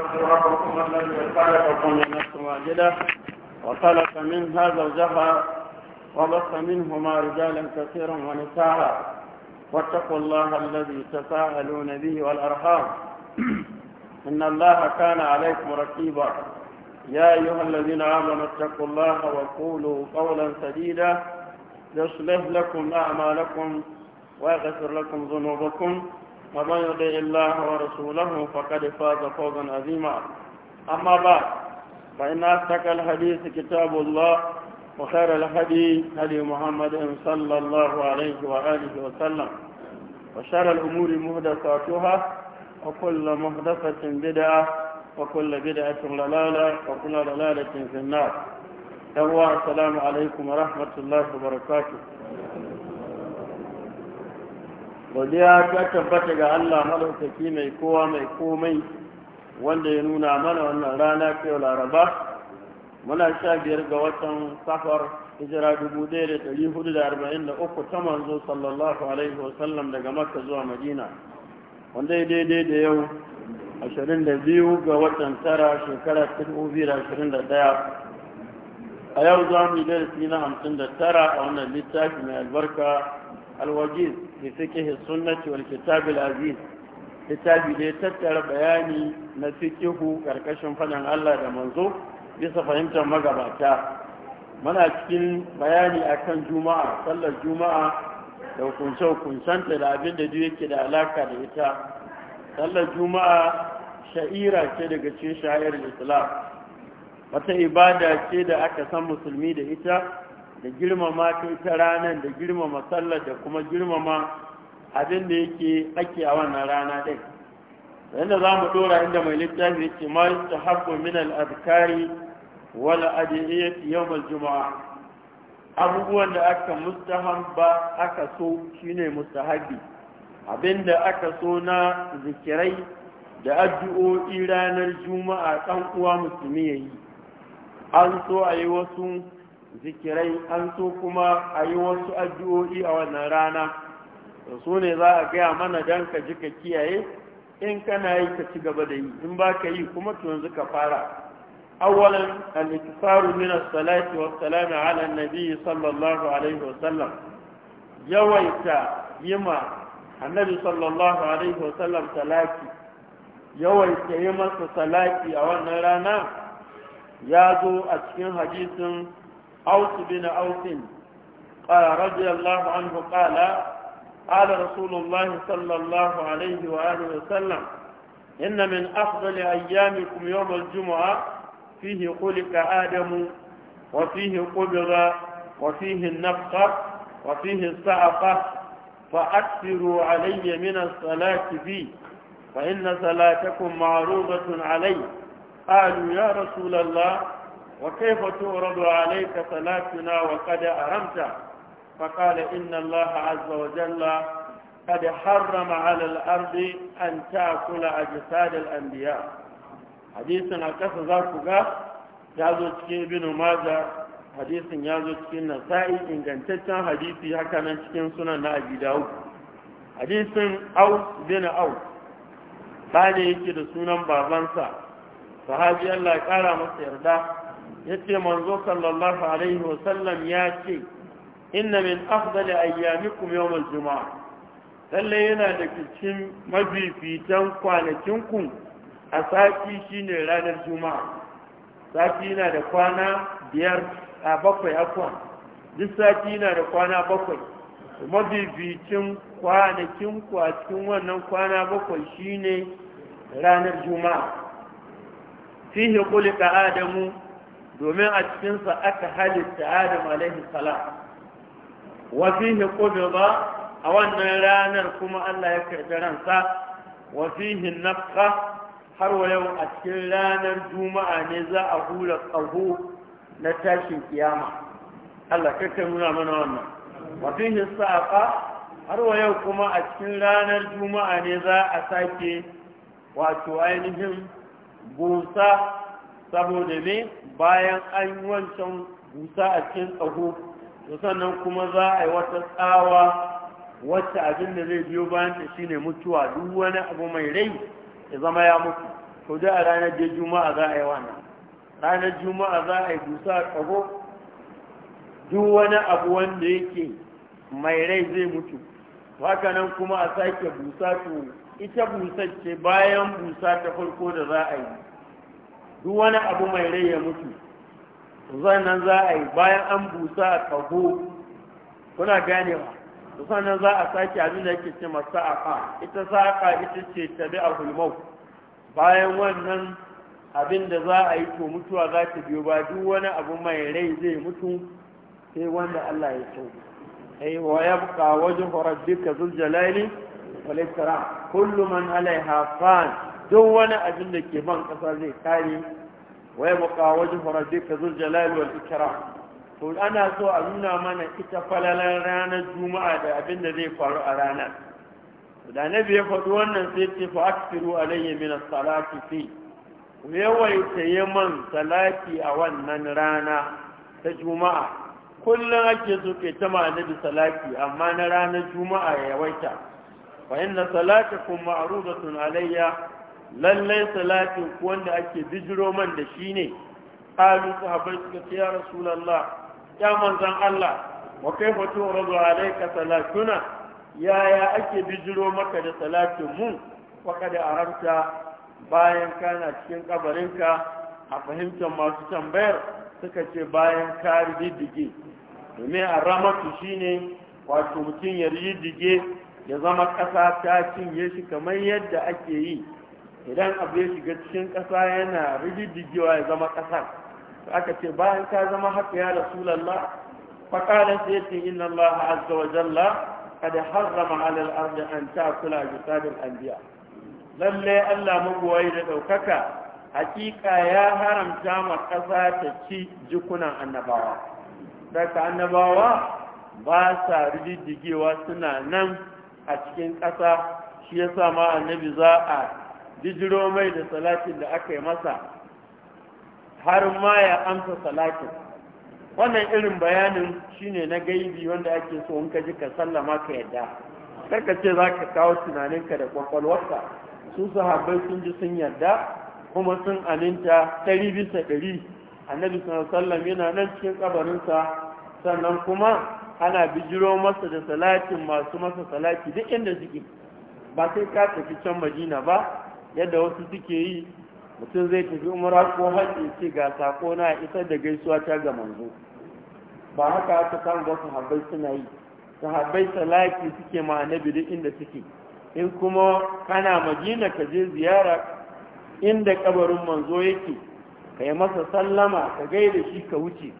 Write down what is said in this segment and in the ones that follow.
اتقوا من هذا واحده منها زوجها وبث منهما رجالا كثيرا ونساء واتقوا الله الذي تساءلون به والارحام ان الله كان عليكم رقيبا يا ايها الذين امنوا اتقوا الله وقولوا قولا سديدا يصلح لكم أعمالكم ويغفر لكم ذنوبكم ومن يطع الله ورسوله فقد فاز فوزا عظيما أما بعد فإن أصدق الحديث كتاب الله وخير الهدي هدي محمد صلى الله عليه وآله وسلم وشر الأمور مهدفاتها وكل مهدفة بدعة وكل بدعة ضلالة وكل ضلالة في النار السلام عليكم ورحمة الله وبركاته godiya ta tabbata ga Allah malaukaki mai kowa mai komai wanda ya nuna mana wannan rana ta yau laraba muna sha biyar ga watan safar hijira dubu ɗaya da ɗari hudu da arba'in da uku ta manzo sallallahu alaihi wasallam daga makka zuwa madina wanda ya daidai da yau ashirin da biyu ga watan tara shekara ta dubu biyu da ashirin da ɗaya a yau za mu yi darasi na hamsin da tara a wannan littafi mai albarka alwajiz bi suke sunnati wal kitab al aziz littafi da ya tattara bayani na fikihu karkashin fadan Allah da manzo bisa fahimtar magabata muna cikin bayani akan juma'a sallar juma'a da hukunce hukuncenta da abin da duk yake da alaka da ita sallar juma'a sha'ira ce daga cikin sha'ir islam wata ibada ce da aka san musulmi da ita da girmama ta ranar da girmama sallar da kuma girmama abin da yake ake a wannan rana ɗin yadda za mu ɗora inda mai littafi yake ma yi ta haɓɓo min al'adkari wala adiyyati yawmal juma'a abubuwan da aka hamba aka so shine mustahabi abinda aka so na zikirai da addu'o'i ranar juma'a ɗan uwa musulmi yayi an so a yi wasu zikirai an so kuma a yi wasu addu'o'i a wannan rana da su ne za a gaya mana don ka ji ka kiyaye in kana yi ka ci gaba da yi in ba ka yi kuma tun yanzu ka fara awalan al-iktisaru min as-salati wa salamu ala an-nabi sallallahu alaihi wa sallam yawaita yima annabi sallallahu alaihi wa sallam salati yawaita yi masa salati a wannan rana ya zo a cikin hadisin أوس بن أوس قال رضي الله عنه قال قال رسول الله صلى الله عليه وآله وسلم إن من أفضل أيامكم يوم الجمعة فيه خلق آدم وفيه قبض وفيه النفخة وفيه الصعقة فأكثروا علي من الصلاة فيه فإن صلاتكم معروضة علي قالوا يا رسول الله وكيف تورد عليك صلاتنا وقد أرمت فقال إن الله عز وجل قد حرم على الأرض أن تأكل أجساد الأنبياء حديث أكف ذاك يازو تكين بن ماجة حديث يازو تكين نسائي إن كانت حديثي هكذا تكين سنن أبي داود حديث أوس بن أوس bane yake da sunan babansa sahabi Allah ya kara masa yarda yace manzo sallallahu alaihi wasallam ya ce inna min afdali ayyamikum yawmal juma'a lalle yana da cikin mafifitan kwanakinku a sati shine ranar juma'a sati yana da kwana biyar a bakwai akwa duk sati yana da kwana bakwai kwanakin ku a cikin wannan kwana bakwai shine ranar juma'a fihi kulika adamu domin a cikinsa aka halitta adam alaihi salam wa fihi ba, a wannan ranar kuma Allah ya karɓi ransa wa fihi nafqa har wa yau a cikin ranar juma'a ne za a hura qahu na tashin kiyama Allah kakka nuna mana wannan wa fihi sa'a har wa yau kuma a cikin ranar juma'a ne za a sake wato ainihin busa saboda me bayan an wancan busa a cikin tsaho to sannan kuma za a yi wata tsawa wacce abin da zai biyo bayan ta shine mutuwa duk wani abu mai rai ya zama ya mutu to da a ranar da juma'a za a yi wannan ranar juma'a za a yi busa a tsaho duk wani abu wanda yake mai rai zai mutu haka nan kuma a sake busa to ita busa ce bayan busa ta farko da za a yi duk wani abu mai rai ya mutu sannan za a yi bayan an busa a kago kuna ganewa sannan za a sake abin da yake ce masa fa. ita saqa ita ce tabi a hulmau bayan wannan abin da za a yi to mutuwa za ta biyo ba duk wani abu mai rai zai mutu sai wanda Allah ya so ai wa yabqa wajhu rabbika zul jalali wal ikram kullu man alaiha fan duk wani abin da ke ban kasa zai kare waya buka wajen rabbika zul jalali wal ikira to ana so a nuna mana ita falalar ranar juma'a da abin da zai faru a ranar da nabi ya faɗi wannan sai ce fa aktiru alayya min as-salati fi yawaita man salati a wannan rana ta juma'a kullum ake so ke ta nabi salati amma na ranar juma'a ya yawaita fa inna salatakum ma'rudatun alayya lallai salatin ku wanda ake bijiro man da shi ne qalu sahabbai suka ce ya rasulullah ya manzan Allah wa wa turadu alayka salatuna yaya ake bijiro maka da salatin mu wa da aramta bayan kana cikin kabarinka a fahimtar masu tambayar suka ce bayan ka riddige domin a ramatu shine wato mutum ya riddige ya zama ƙasa ta cinye shi kamar yadda ake yi idan abu ya shiga cikin ƙasa yana rigidigewa ya zama ƙasa aka ce bayan ka zama haka ya rasulallah faƙalar sai ce inna Allah azza wa jalla kad harrama ala al-ard an ta'kula jasad al-anbiya lalle Allah magoyi da daukaka hakika ya haramta ma ƙasa ta ci jikunan annabawa daga annabawa ba sa rigidigewa suna nan a cikin ƙasa shi yasa ma annabi za a bijiro mai da salatin da aka yi masa har ma ya amsa salatin wannan irin bayanin shine na gaibi wanda ake so in ka ji ka sallama ka yadda karka ce za ka kawo tunaninka da kwakwalwarka su sahabbai sun ji sun yadda kuma sun aminta ɗari bisa ɗari annabi sallallahu yana nan cikin kabarinsa sannan kuma ana bijiro masa da salatin masu masa salati duk inda suke ba sai ka tafi can madina ba yadda wasu suke yi mutum zai tafi umara ko haƙi ce ga sako na isar da gaisuwa ta ga manzo ba haka aka samu ba sahabbai suna yi sahabbai salaki suke ma annabi duk inda suke in kuma kana madina ka je ziyara inda kabarin manzo yake ka yi masa sallama ka gaida shi ka wuce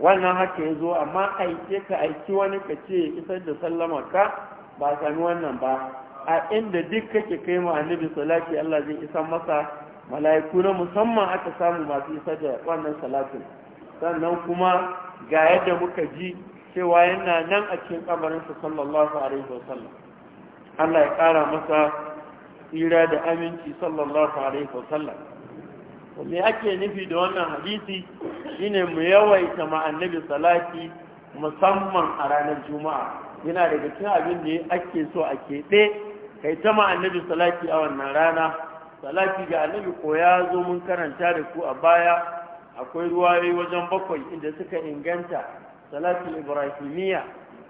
wannan haka ya zo amma aike ka aiki wani ka ce isar da sallama ka ba sami wannan ba a inda duk kake kai ma annabi salati Allah zai isa masa mala'iku na musamman aka samu masu isa da wannan salatin sannan kuma ga yadda muka ji cewa yana nan a cikin kabarinsa sallallahu alaihi wasallam Allah ya kara masa tsira da aminci sallallahu alaihi wasallam me ake nufi da wannan hadisi shine mu yawaita ma annabi salati musamman a ranar juma'a yana daga cikin abin da ake so a keɓe kai ta ma annabi salati a wannan rana salati ga annabi ko ya zo mun karanta da ku a baya akwai ruwayoyi wajen bakwai inda suka inganta salati ibrahimiyya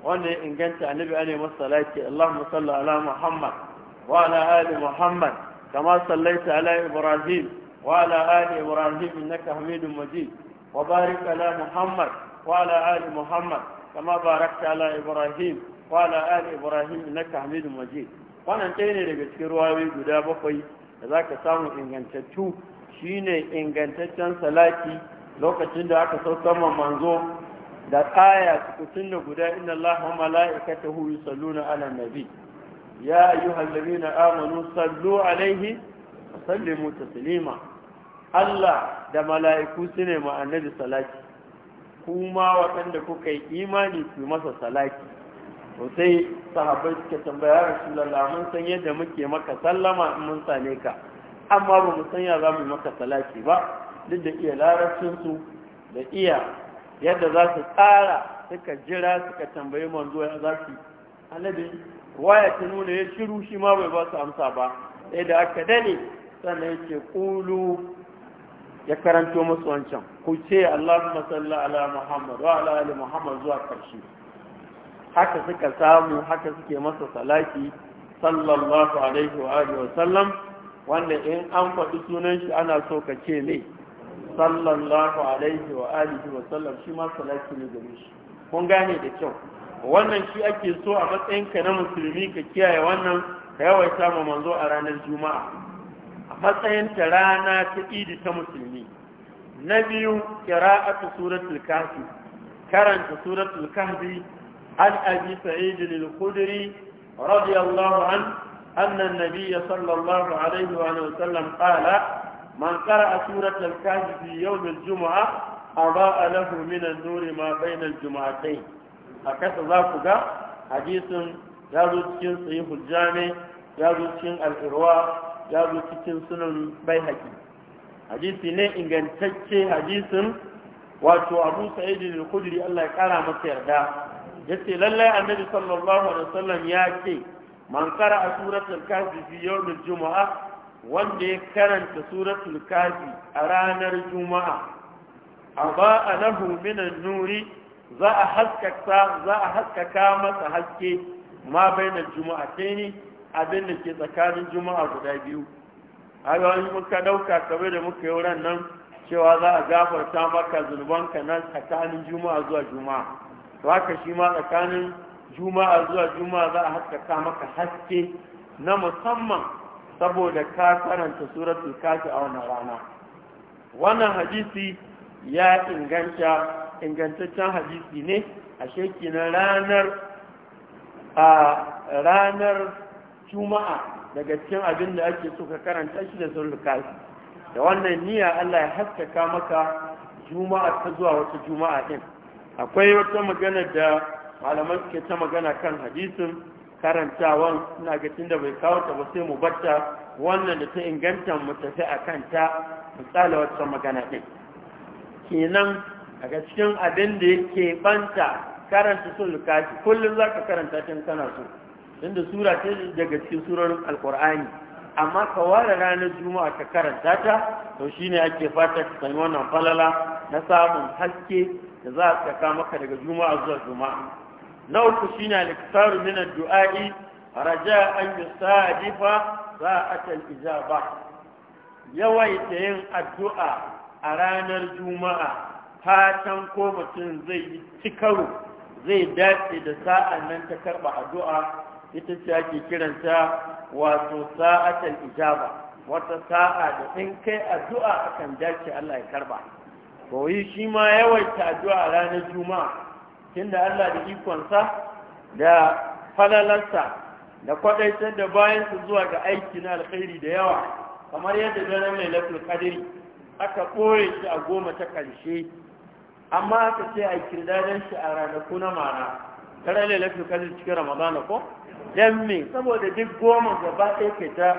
wanda ya inganta annabi masa wasallati Allahumma salli ala Muhammad wa ala ali Muhammad kama sallaita ala Ibrahim wa ala ali Ibrahim innaka Hamidum Majid wa barik ala Muhammad wa ala ali Muhammad kama barakta ala Ibrahim wa ala ali Ibrahim innaka Hamidum Majid wannan ɗaya ne daga cikin ruwayoyi guda bakwai da za ka samu ingantattu ne ingantaccen salaki lokacin da aka saukama manzo da tsaya cikin da guda inda Allah wa mala'ikatahu na ala nabi ya ayyuhal na amonu sallu alaihi wa sallimu silima Allah da mala'iku sune ma'anar da salaki. kuma waɗanda kuka yi imani su masa salaki. to sai sahabbai suka tambaya rasulullah mun san yadda muke maka sallama in mun sane ka amma ba mu san ya za mu maka salati ba duk da iya larabcin da iya yadda za su tsara suka jira suka tambayi manzo ya za su alabi waya ta nuna ya shiru shi ma bai ba su amsa ba sai da aka dane sannan ya ce kulu ya karanto musu wancan ku ce allahumma salli ala muhammad wa ala ali muhammad zuwa karshe haka suka samu haka suke masa salaki, sallallahu alaihi wa alihi wa sallam wanda in an faɗi sunan shi ana so ka ce ne sallallahu alaihi wa alihi wa sallam shi ma salaki ne gare shi kun gane da kyau wannan shi ake so a matsayinka na musulmi ka kiyaye wannan ka yawaita ma manzo a ranar juma'a a matsayin ta rana ta idi ta musulmi na biyu kira'atu suratul kahfi karanta suratul kahfi عن أبي سعيد الخدري رضي الله عنه أن النبي صلى الله عليه وآله وسلم قال من قرأ سورة الكهف في يوم الجمعة أضاء له من النور ما بين الجمعتين هكذا ذاك حديث يابو تشين صحيح الجامع يابو تشين الإرواء يابو تشين سنن بيهقي حديث ne ingantacce hadisin wato Abu Sa'id al-Khudri Allah ya kara masa yarda yace lallai annabi sallallahu alaihi wasallam ya ce man qara'a suratul kafi fi yawmil jumu'a wanda ya karanta suratul kafi a ranar juma'a aba min minan nuri za a haskaka za a haskaka masa haske ma juma'a juma'ataini abin da ke tsakanin juma'a guda biyu haka wani muka dauka kabe da muka yi nan cewa za a gafarta maka zunubanka nan tsakanin juma'a zuwa juma'a to haka shi ma tsakanin juma'a zuwa juma'a za a haskaka maka haske na musamman saboda ka karanta suratul kafi a wannan rana wannan hadisi ya inganta ingantaccen hadisi ne a na ranar a ranar juma'a daga cikin abin da ake so ka karanta shi da suratul kafi da wannan niyya Allah ya haskaka maka juma'a ta zuwa wata juma'a din akwai wata magana da malaman suke ta magana kan hadisin karantawan ina ga da bai kawo ta ba sai mu batta wannan da ta inganta mu tafi a kanta misali wata magana ɗin kenan daga cikin abin da yake banta karanta sun lukafi kullum za ka karanta tun kana so tunda sura ce daga cikin surorin alkur'ani amma ka ware ranar juma'a ka karanta ta to shine ake fata ka sami wannan falala na samun haske da za a tsaka maka daga juma'a zuwa juma'a na uku shi ne alikisaru mina du'a'i a raja an yusadifa sa'at al-ijaba yawaita yin addu'a a ranar juma'a fatan ko mutum zai yi cikaro zai dace da sa'an nan ta karɓa addu'a ita ce ake kiranta wato sa'at ijaba wata sa'a da in kai addu'a akan dace Allah ya karba kawai shi ma yawaita addu'a a ranar juma'a tunda Allah da ikonsa da falalarsa da kwadaitar da bayansu zuwa ga aiki na alkhairi da yawa kamar yadda mai lafiyar kadiri aka ɓoye shi a goma ta ƙarshe amma aka ce a kirdadan shi a ranaku na mara daren lafiyar kadir cikin ramadana ko dan me saboda duk goma gaba ɗaya ke ta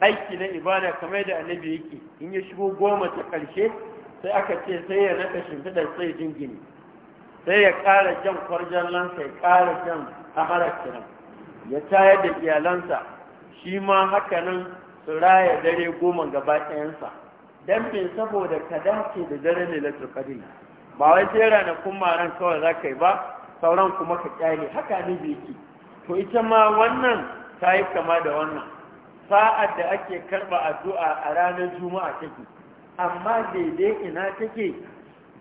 aiki na ibada kamar da annabi yake in ya shigo goma ta ƙarshe sai aka ce sai ya naka shimfidar sai jingini sai ya ƙara jan kwarjan lansa ya kara jan amarar kiran ya tayar da iyalansa shi ma haka nan su raya dare goma gaba ɗayansa don saboda ka dace da dare ne na kadina ba wai sai ranakun maran kawai za ka yi ba sauran kuma ka kyale haka ne bai ki to ita ma wannan ta yi kama da wannan sa'ad da ake karɓa addu'a a ranar juma'a take amma daidai ina take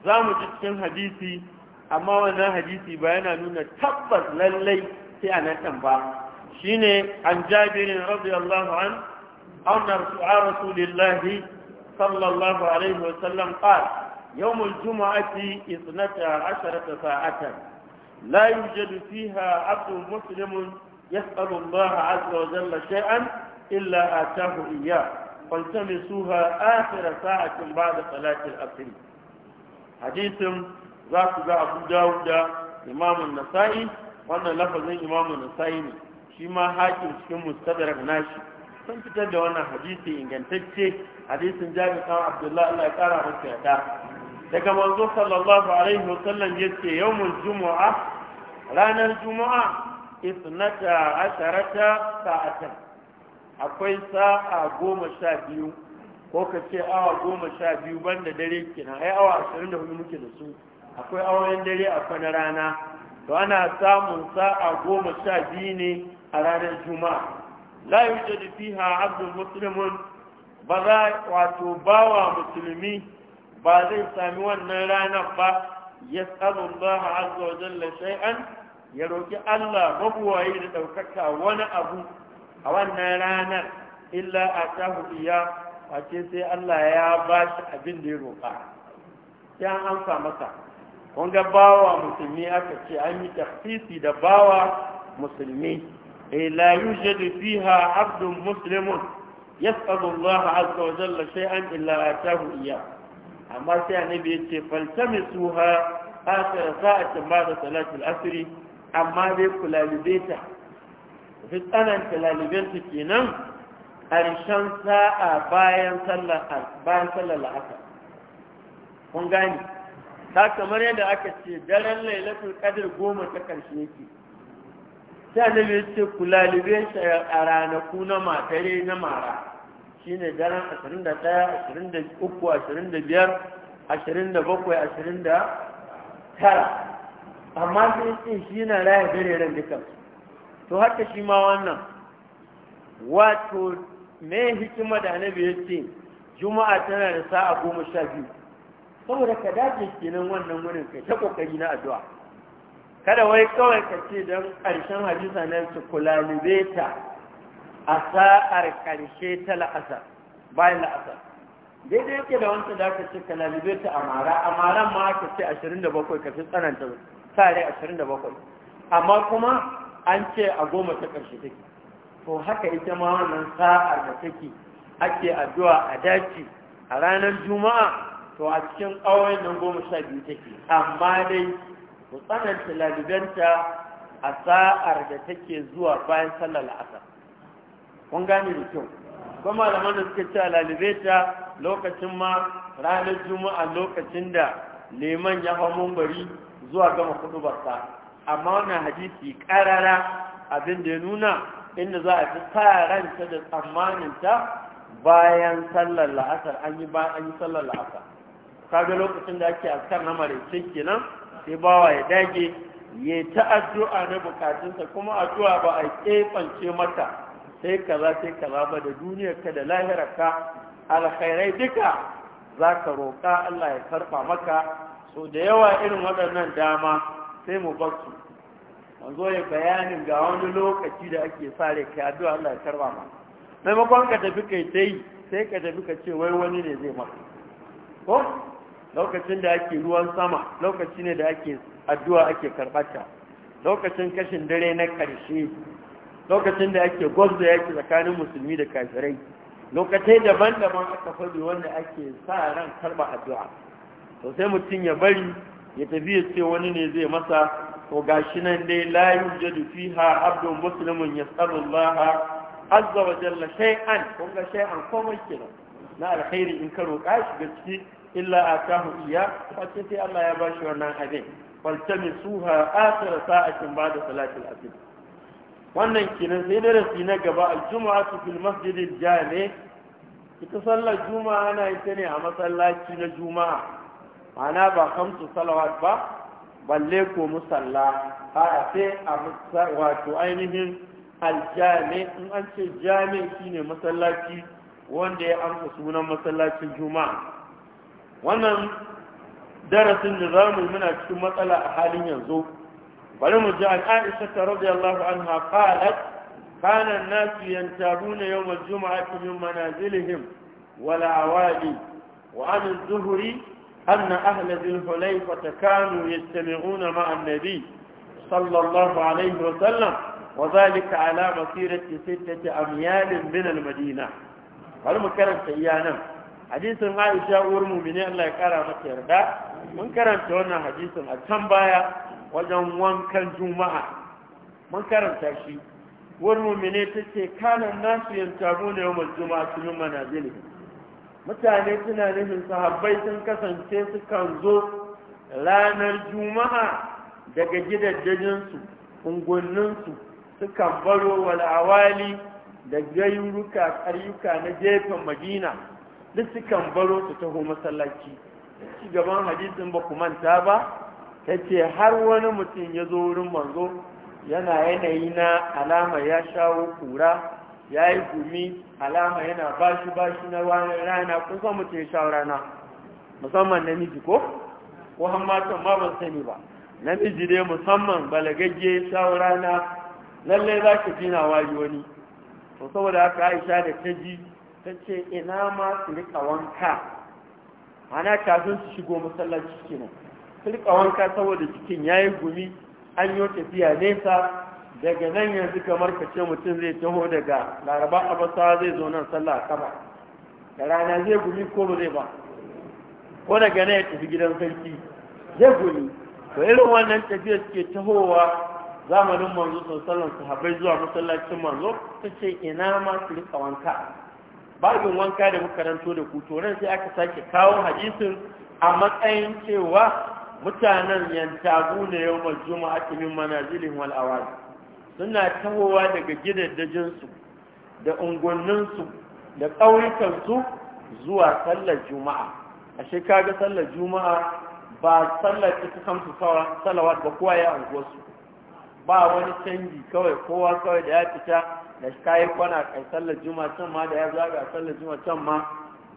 za mu ji cikin hadisi amma wannan hadisi ba yana nuna tabbas lallai sai a nan ba shine an jabirin radiyallahu an أن رسول الله صلى الله عليه وسلم قال يوم الجمعة اثنتا عشرة ساعة لا يوجد فيها عبد مسلم يسأل الله عز وجل شيئا إلا آتاه إياه faltamisuha akhir sa'atin ba'da salatil asr hadisin za ku ga Abu Dawud da Imam nasai wannan lafazin Imam nasai ne shi ma hakim cikin mustadrak nashi sun fitar da wannan hadisi ingantacce hadisin Jabir bin Abdullah Allah ya kara masa yarda daga manzo sallallahu alaihi wasallam yace yawmul jumu'a ranar juma'a isnata asharata sa'atan akwai sa'a goma sha biyu ko ka ce awa goma sha biyu banda dare kenan ai awa ashirin da hudu muke da su akwai auren dare a kwana rana to ana samun sa'a goma sha biyu ne a ranar juma'a la yujadu fiha abdul musulmin? ba za wato bawa musulmi ba zai sami wannan ranar ba yas'alu ba azza wa jalla shay'an ya roƙi Allah mabuwaye da ɗaukaka wani abu a wannan ranar illa a iya a sai Allah ya ba shi abin da ya roƙa ya amsa masa kun ga bawa musulmi aka ce an yi tafsisi da bawa musulmi eh la yujadu fiha abdun muslimun yas'alu Allah azza wa jalla shay'an illa atahu iya amma sai annabi ya ce faltamisuha akhir sa'atin ba'da da salatul asr amma dai kula ta fi tsananta lalibinta kenan ƙarshen sa'a bayan sallar la'asar kun gani ta kamar yadda aka ce daren lailatul qadr goma ta ƙarshe yake sai annabi ya ce ku lalibin shi a ranaku na matare na mara shi ne daren 21 23 25 27 29 amma sai ce shi na raya dare ran dukansu to haka shi ma wannan wato me hikima da annabi ya ce juma'a tana da sa'a goma sha biyu saboda ka dace kenan wannan wurin kai ta kokari na addu'a kada wai kawai ka ce don ƙarshen hadisa na su kula libeta a sa'ar ƙarshe ta la'asar bayan la'asar daidai yake da wanda da aka ce kala libeta a mara a maran ma aka ce 27 ka fi tsananta sa rai 27 amma kuma an ce a goma ta ƙarshe take to haka ita ma wannan sa'ar da take ake addu'a a dace a ranar juma'a to a cikin ƙawai nan goma sha biyu take amma dai ku tsananta lalibanta a sa'ar da take zuwa bayan sallar la'asar kun gane da kyau kuma malaman da suka ce lalibeta lokacin ma ranar juma'a lokacin da leman ya hau mumbari zuwa gama kudu amma wannan hadisi karara abin da ya nuna inda za a fi ranta da tsammaninta bayan sallar la'asar an yi bayan sallar la'asar kaga lokacin da ake askar na maraice kenan sai bawa ya dage ya ta addu'a na bukatunsa kuma addu'a ba a kefance mata sai kaza sai kaza ba da duniyar ka da lahirar ka alkhairai duka za ka roƙa Allah ya karfa maka so da yawa irin waɗannan dama sai mu bar su manzo ya bayanin ga wani lokaci da ake sa kai addu'a Allah ya karba ma maimakon ka tafi kai tai sai ka tafi ka ce wai wani ne zai maka ko lokacin da ake ruwan sama lokaci ne da ake addu'a ake karbata lokacin kashin dare na karshe lokacin da ake gwabza yaki tsakanin musulmi da kafirai lokacin daban-daban aka faɗi wanda ake sa ran karba addu'a to sai mutum ya bari ya tafi ya ce wani ne zai masa to gashi nan dai la yujadu fiha abdun muslimun yas'alullah azza wa jalla shay'an kun ga shay'an komai kenan na alkhairi in ka roƙa shi gaske illa atahu iya Wacce sai Allah ya bashi wannan abin faltamisuha akhir sa'atin da salatin asr wannan kenan sai darasi na gaba aljum'atu fil masjidil jami' ita sallar juma'a ana yi ta ne a masallaci na juma'a ma'ana ba kamsu salawat ba balle ko musalla a sai a wato ainihin aljami in an ce jami shine masallaci wanda ya amsa sunan masallacin juma'a wannan darasin da za mu muna cikin matsala a halin yanzu bari mu ji an aisha ta radiyallahu anha qalat kana an nas yantabuna yawm al-jum'ati min manazilihim wala awali wa an zuhri أن أهل ذي الحليفة كانوا يجتمعون مع النبي صلى الله عليه وسلم وذلك على مسيرة ستة أميال من المدينة قال مكرم سيانا حديث عائشة والمؤمنين الله يكرم مكرم من كرم تونا حديث التنبايا وجن وان كان جمعة من كرم تشي والمؤمنين تتي كان الناس ينتابون يوم الجمعة من منازلهم mutane suna nufin sahabbai sun kasance sukan zo ranar juma'a daga gidajensu su sukan baro wal'awali da gayuruka karyuka na gefen madina duk sukan baro su taho masallaci ci gaban hadisin ba ku manta ba ta ce har wani mutum ya zo wurin manzo yana yanayi na alama ya shawo kura ya yi gumi alama yana bashi bashi na rana kusan mutum sha rana musamman namiji ko ko hammatan ma ban sani ba namiji dai musamman balagagge sha rana lallai za ka jina wari wani to saboda haka aisha da ta ji ta ce ina ma su rika wanka ana kafin su shigo masallaci kenan su rika wanka saboda cikin ya yi gumi an yi tafiya nesa daga nan yanzu kamar ka ce mutum zai taho daga laraba abasa zai zo nan sallah a da rana zai gumi ko ba zai ba ko daga nan ya tafi gidan sarki zai gumi to irin wannan tafiya suke tahowa zamanin manzo sallan habai zuwa masallacin manzo ta ce ina ma su rika wanka babin wanka da muka ranto da ku to sai aka sake kawo hadisin a matsayin cewa mutanen yantagu ne yau mai juma'a min manazilin wal suna tahowa daga gidajensu da unguwanninsu da ƙauyukansu zuwa sallar juma'a a shekaga sallar juma'a ba sallar ita kamsu salawa ba kowa ya unguwarsu ba wani canji kawai kowa kawai da ya fita da kayi kwana kai sallar juma'a can ma da ya zaga sallar juma'a can ma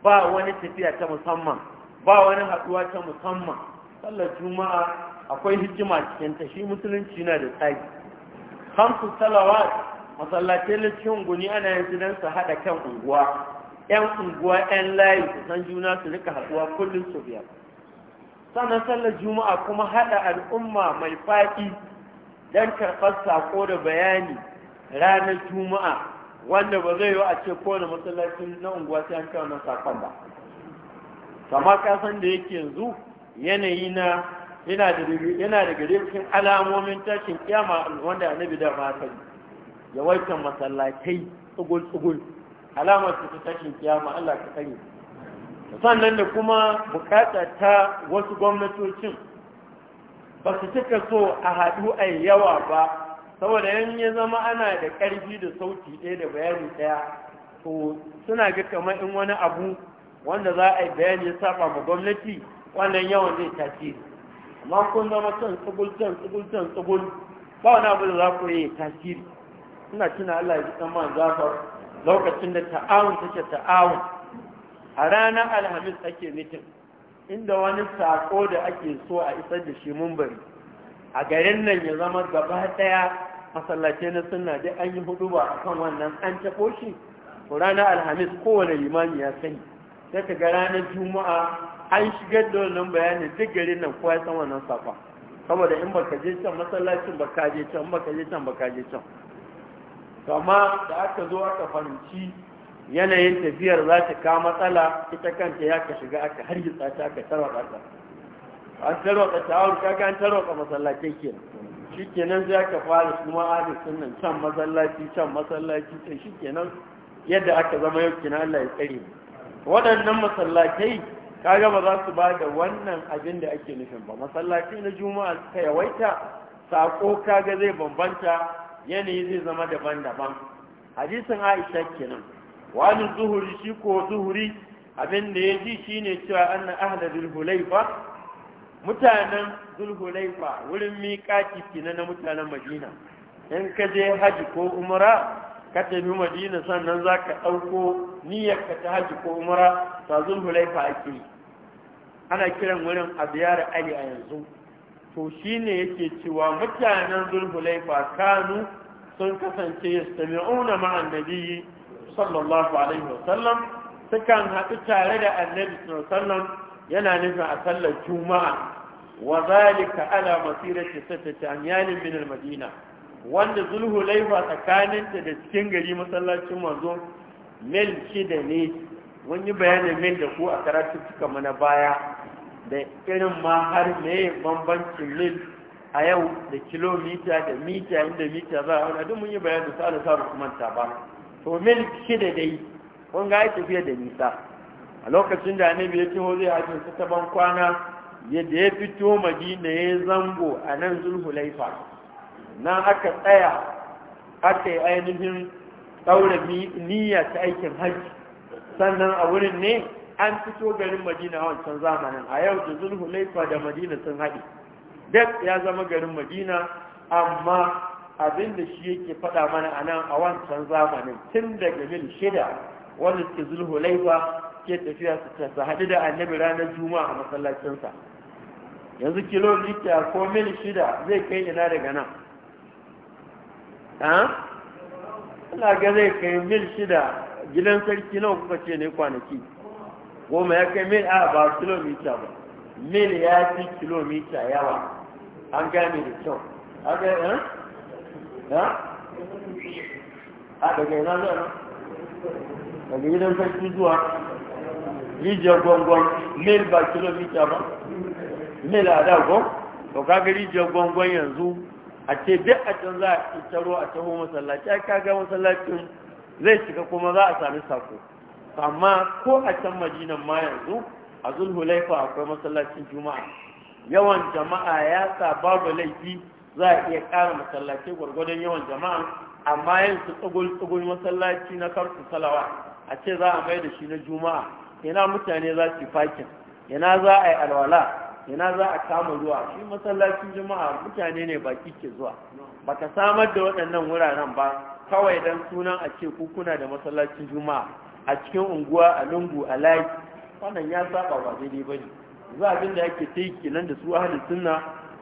ba wani tafiya ta musamman ba wani haɗuwa ta musamman sallar juma'a akwai hikima cikin ta shi musulunci na da tsari hamsu salawat masallacin littafin guni ana yin su haɗa kan unguwa yan unguwa yan layi su san juna su rika haɗuwa kullum su biya sannan sallar juma'a kuma haɗa al'umma mai faɗi don karɓar saƙo da bayani ranar juma'a wanda ba zai yiwu a ce kowane masallacin na unguwa sai an kawo na saƙon ba Kamar kasan da yake yanzu yanayi na yana da yana daga cikin alamomin tashin kiyama wanda annabi da ma ya yawaitan masallatai tsugul tsugul alamar su tashin kiyama Allah ka sani sannan da kuma bukata ta wasu gwamnatocin ba su cika so a haɗu a yawa ba saboda yan ya zama ana da ƙarfi da sauti ɗaya da bayani ɗaya to suna ga kamar in wani abu wanda za a yi bayani ya saba ma gwamnati wannan yawan zai tasiri amma kun zama can tsibul can tsibul can tsibul ba wani abu da za ku yi tasiri ina tuna Allah ya ji dan man zafar lokacin da ta'awun take ta'awun a ranar alhamis ake mitin inda wani sako da ake so a isar da shi mumbari a garin nan ya zama gaba daya masallace na sunna dai an yi hudu ba a kan wannan an taɓo shi ranar alhamis kowane limami ya sani sai ka ga ranar juma'a an shigar da wannan bayanin duk gari nan kowa ya san wannan safa saboda in baka je can masallacin baka je can baka je can baka je can amma da aka zo aka fahimci yanayin tafiyar za ta ka matsala ita kanta ya ka shiga aka har yitsa ta aka tarwata ta an tarwata ta awon kaka an tarwata masallacin kenan shikenan sai aka fara kuma ahli sunnan can masallaci can masallaci can shikenan yadda aka zama yau kina Allah ya tsare waɗannan masallatai kaga ba za su ba da wannan abin da ake nufin ba masallaci na juma'a ta yawaita sako kaga zai bambanta yanayi zai zama daban-daban hadisin aisha kenan wani zuhuri shi ko zuhuri abin da ya ji shi ne cewa anna ahla zulhulaifa mutanen zulhulaifa wurin miƙaƙi kina na mutanen madina in ka je haji ko umara ka tafi madina sannan za ka ɗauko niyyar ka ta haji ko umara ta zulhulaifa ake yi ana kiran wurin abiyar ali a yanzu to shine yake cewa mutanen zulhulaifa kanu sun kasance yastami'una ma'an nabiyyi sallallahu alaihi sallam, sukan haɗu tare da annabi sallallahu yana nufin a sallar juma'a wa zalika ala masirati sittati amyalin min madina wanda zulhulaifa tsakaninta da cikin gari masallacin manzo mil shida ne mun yi bayanin mil da ku a karatun cika na baya da irin ma har me bambancin mil a yau da kilomita da mita inda mita za a wani mun yi bayanin su alisa ba kuma ta ba to mil shida dai kun ga ya tafiya da nisa a lokacin da annabi ya ciho zai hajji su ta ban kwana yadda ya fito madina ya zango a nan zulhulaifa nan aka tsaya aka yi ainihin ɗaura niyya ta aikin hajji sannan a wurin ne an fito garin madina wancan zamanin a yau da zulhulaifa da madina sun haɗe duk ya zama garin madina amma abin da shi yake faɗa mana a nan a wancan zamanin tun daga mil shida wanda suke zulhulaifa ke tafiya su tasa, haɗu da annabi ranar juma'a a masallacinsa yanzu kilomita ko mil shida zai kai ina daga nan ina ga zai kai mil shida gidan sarki nawa kuka ce ne kwanaki goma ya kai mil a ba kilomita ba mil ya fi kilomita yawa an gane da kyau an ga yan eh? eh? a daga yana zuwa nan daga gidan sarki zuwa rijiyar gongon mil ba kilomita ba mil a da gwang to kaga rijiyar gongon yanzu a ce duk a can za a taro a taho masallaci ai kaga masallacin zai shiga kuma za a sami sako amma ko a can madinan ma yanzu a zulhulaifa akwai masallacin juma'a yawan jama'a ya sa babu laifi za a iya ƙara masallaci gwargwadon yawan jama'a amma yin su tsugul masallaci na kamsu salawa a ce za a mai da shi na juma'a ina mutane za su fakin ina za a yi alwala ina za a kama zuwa shi masallacin juma'a mutane ne baki ke zuwa baka samar da waɗannan wuraren ba kawai don sunan a ce kuna da masallacin juma'a a cikin unguwa a lungu a layi wannan ya saba ba daidai ba ne za abin da yake ta nan da su ahalin sunna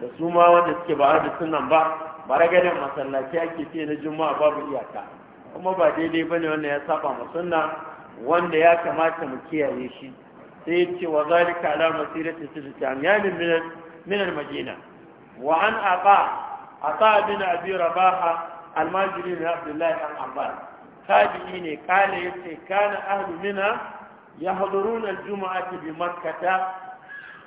da su ma wanda suke ba ahalin sunnan ba baragadan masallaci ake ce na juma'a babu iyaka kuma ba daidai ba ne wannan ya saba ma sunna wanda ya kamata mu kiyaye shi sai ya ce wa zalika ala masirati sittati amyalin min min al-madina wa an aqa aqa bin abi rabaha al-majri bin abdullah al-abbas tabi'i ne kana yace kana ahlu mina yahduruna al bi makkah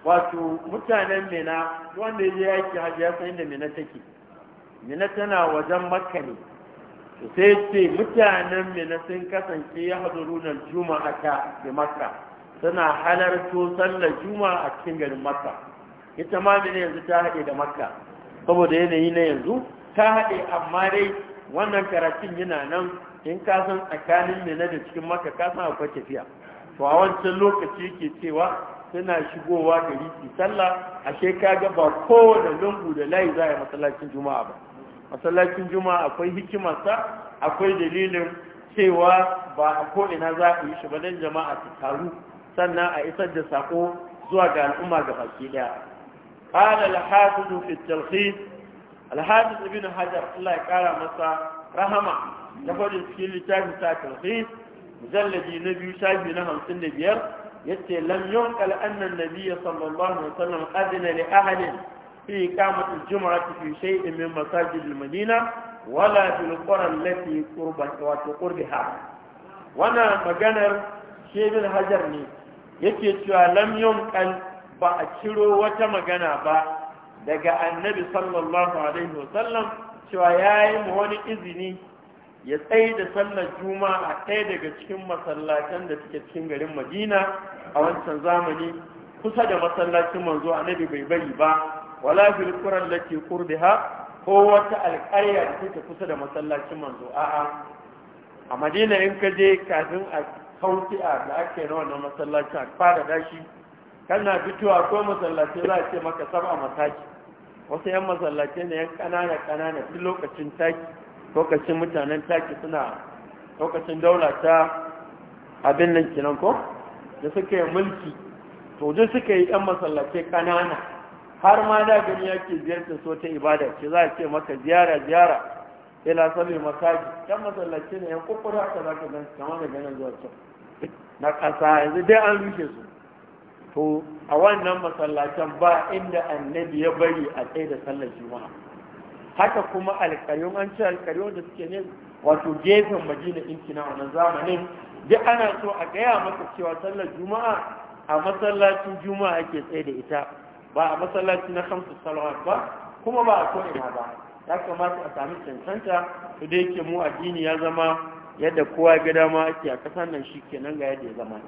wato mutanen mina wanda yaje yaki hajji ya san inda mina take mina tana wajen makka ne sai yace mutanen mina sun kasance yahduruna al bi makkah suna halarto sallar juma'a a cikin garin makka ita ma mina yanzu ta haɗe da makka saboda yanayi na yanzu ta haɗe amma dai wannan karatun yana nan in ka san tsakanin na da cikin maka ka san akwai tafiya to a wancan lokaci ke cewa suna shigowa da riki sallah ashe ka ga ba kowane lungu da layi za a yi masallacin juma'a ba masallacin juma'a akwai hikimarsa akwai dalilin cewa ba a ko'ina za a yi shi ba don jama'a su taru sannan a isar da sako zuwa ga al'umma ga baki daya قال الحافظ في التلخيص الحافظ ابن حجر الله يقرأ رحمه na faɗin cikin littafin sa tarhis mujalladi na biyu biyu na hamsin da biyar Ya yace lam yunqal anna an-nabiy sallallahu alaihi wasallam adna li ahadin fi iqamati al ta fi shay'in min masajin al-madina wala fil qura allati wato wa qurbiha wannan maganar shebin hajar ne Ya yake cewa lam yunqal ba a ciro wata magana ba daga annabi sallallahu alaihi wasallam cewa ya yi wani izini ya tsaye da sallar juma'a ɗaya daga cikin masallacin da suke cikin garin madina a wancan zamani kusa da masallacin manzo annabi bai bari ba wala fil quran lati qurbiha ko wata alƙarya da take kusa da masallacin manzo a'a a madina in ka je kafin a kauti a da ake na wannan masallacin a fara dashi kana fitowa ko masallaci za a ce maka saba mataki wasu yan masallaci ne yan ƙanana ƙanana duk lokacin taki lokacin mutanen taki suna lokacin daula ta abin nan kinan ko da suka yi mulki to duk suka yi ɗan masallace ƙanana har ma da gani yake ziyarta so ta ibada ce za a ce maka ziyara ziyara ila sami masaji ɗan masallace ne yan kukkuri haka za ka gan kamar da ganin zuwa can na ƙasa yanzu dai an rushe su to a wannan masallacen ba inda annabi ya bari a tsaye da sallar juma'a haka kuma alkaryon an ce alkaryon da suke ne wato gefen madina inkina wannan zamanin duk ana so a gaya masa cewa sallar juma'a a masallacin juma'a ake tsaye da ita ba a masallaci na kamsu salawat ba kuma ba a ko'ina ba ya kamata a sami cancanta su da yake mu addini ya zama yadda kowa ga dama ake a kasan nan shi kenan ga yadda ya zama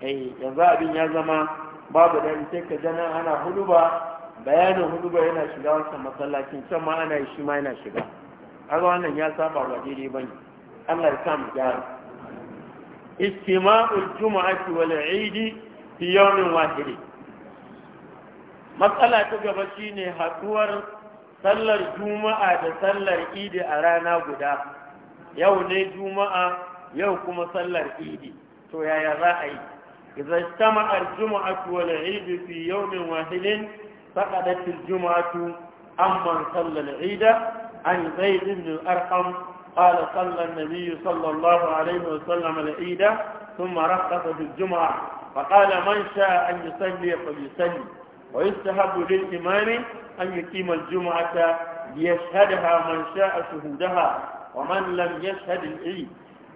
eh yanzu abin ya zama babu da sai ka jana ana hudu ba bayanin hudu ba yana shiga wancan masallacin can ma ana yi shi ma yana shiga kaga wannan ya saba ba daidai Allah ya sa mu gyara istima'ul juma'ati wal 'idi fi yawmin wahid matsala ta gaba shine haduwar sallar juma'a da sallar idi a rana guda yau ne juma'a yau kuma sallar idi to yaya za a yi idan jama'ar juma'atu wal 'idi fi yawmin فقدت الجمعة عمن صلى العيد عن زيد بن الأرقم قال صلى النبي صلى الله عليه وسلم العيد ثم رقص في الجمعة فقال من شاء أن يصلي فليصلي ويستحب للإمام أن يقيم الجمعة ليشهدها من شاء شهودها ومن لم يشهد العيد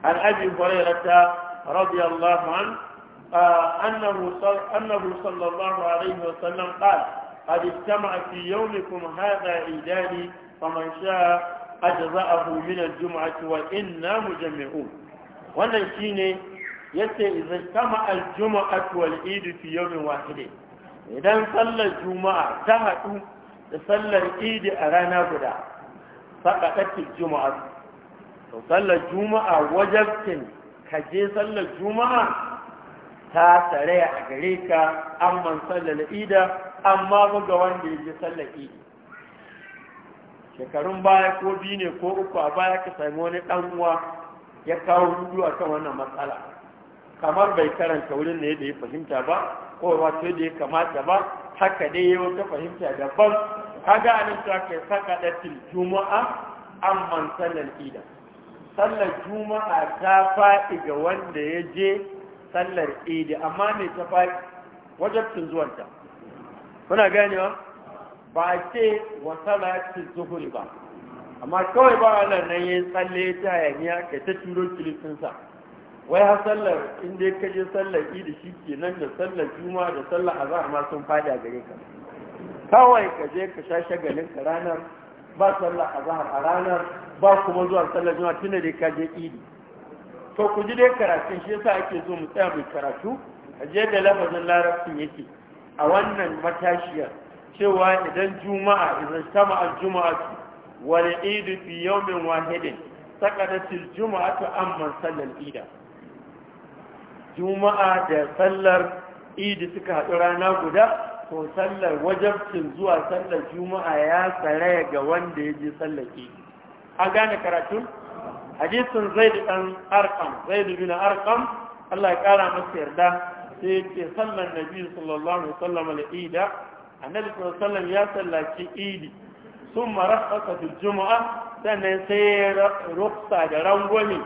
عن أبي هريرة رضي الله عنه آه، أنه, أنه صلى الله عليه وسلم قال قد اجتمع في يومكم هذا عيدان فمن شاء أجزأه من الجمعة وإنا مجمعون wannan shine yace idan kama aljuma'atu wal eid fi yawmin wahid idan sallar juma'a ta haɗu da sallar idi a rana guda faqatat juma'a to sallar juma'a wajen wajabtin ka je sallar juma'a ta tare a gareka ka amman sallar ida amma ba ga wanda ya je sallar idi shekarun baya ko biyu ne ko uku a baya ka sami wani dan uwa ya kawo rudu a kan wannan matsala kamar bai karanta wurin ne da ya fahimta ba ko ba da ya kamata ba haka dai ya ta fahimta daban kaga anan ta kai saka da juma'a man sallar ida sallar juma'a ta faɗi ga wanda ya je sallar idi amma ne ta fa'i wajabcin zuwanta muna gani ba a ce wa ce zuhuri ba amma kawai ba Allah nan yi tsalle ta yaniya kai ta turo kilisinsa wai ha sallar inda dai ka je sallar idi shi ke nan da sallar juma da sallar azhar ma sun fadi a gare ka kawai ka je ka sha shagalin ka ranar ba sallar azhar a ranar ba kuma zuwa sallar juma tunda da ka je idi to ku ji dai karatun shi yasa ake zo mu tsaya mu karatu a je da lafazin larabcin yake a wannan matashiyar cewa idan juma'a idan sama al-juma'atu wal idu fi yawmin wahidin sakadatil juma'atu amman sallar ida juma'a da sallar idi suka haɗu rana guda to sallar wajabcin zuwa sallar juma'a ya tsaraya ga wanda ya je sallar idi A gane karatun hadisin zaidu dan arkam zaidu bin arkam Allah ya kara masa yarda sai yake sallar nabi sallallahu alaihi wasallam al-ida annabi sallallahu alaihi wasallam ya sallaci idi ثم رخص في الجمعة سنسير رخصة رنغولي